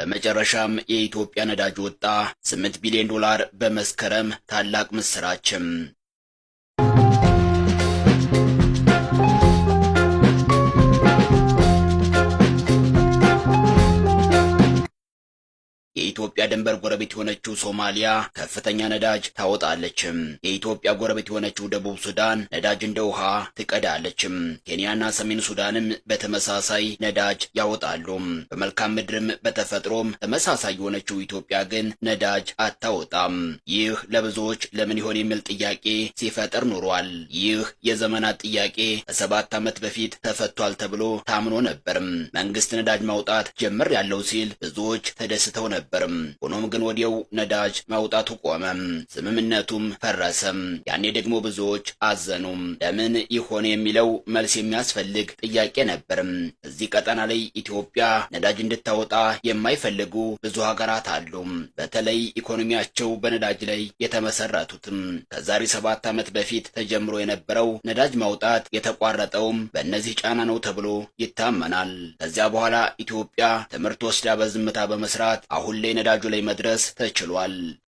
በመጨረሻም የኢትዮጵያ ነዳጅ ወጣ። 8 ቢሊዮን ዶላር በመስከረም ታላቅ ምስራችም የኢትዮጵያ ድንበር ጎረቤት የሆነችው ሶማሊያ ከፍተኛ ነዳጅ ታወጣለችም። የኢትዮጵያ ጎረቤት የሆነችው ደቡብ ሱዳን ነዳጅ እንደ ውሃ ትቀዳለችም። ኬንያና ሰሜን ሱዳንም በተመሳሳይ ነዳጅ ያወጣሉ። በመልካም ምድርም በተፈጥሮም ተመሳሳይ የሆነችው ኢትዮጵያ ግን ነዳጅ አታወጣም። ይህ ለብዙዎች ለምን ይሆን የሚል ጥያቄ ሲፈጠር ኑሯል። ይህ የዘመናት ጥያቄ ከሰባት ዓመት በፊት ተፈቷል ተብሎ ታምኖ ነበርም። መንግስት ነዳጅ ማውጣት ጀምር ያለው ሲል ብዙዎች ተደስተው ነበር። ነበርም። ሆኖም ግን ወዲያው ነዳጅ ማውጣቱ ቆመ፣ ስምምነቱም ፈረሰም። ያኔ ደግሞ ብዙዎች አዘኑም። ለምን ይሆነ የሚለው መልስ የሚያስፈልግ ጥያቄ ነበርም። እዚህ ቀጠና ላይ ኢትዮጵያ ነዳጅ እንድታወጣ የማይፈልጉ ብዙ ሀገራት አሉ። በተለይ ኢኮኖሚያቸው በነዳጅ ላይ የተመሰረቱትም። ከዛሬ ሰባት ዓመት በፊት ተጀምሮ የነበረው ነዳጅ ማውጣት የተቋረጠውም በእነዚህ ጫና ነው ተብሎ ይታመናል። ከዚያ በኋላ ኢትዮጵያ ትምህርት ወስዳ በዝምታ በመስራት አሁን ሁሌ ነዳጁ ላይ መድረስ ተችሏል።